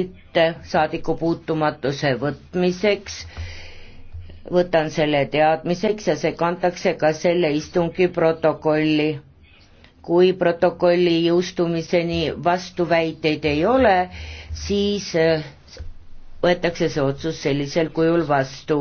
ette saadikupuutumatuse võtmiseks, võtan selle teadmiseks ja see kantakse ka selle istungi protokolli. kui protokolli jõustumiseni vastuväiteid ei ole, siis äh, võetakse see otsus sellisel kujul vastu.